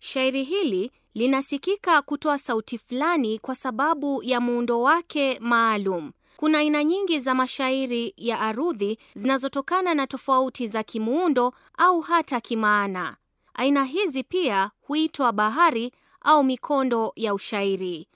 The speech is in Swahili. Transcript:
Shairi hili linasikika kutoa sauti fulani kwa sababu ya muundo wake maalum. Kuna aina nyingi za mashairi ya arudhi zinazotokana na tofauti za kimuundo au hata kimaana. Aina hizi pia huitwa bahari au mikondo ya ushairi.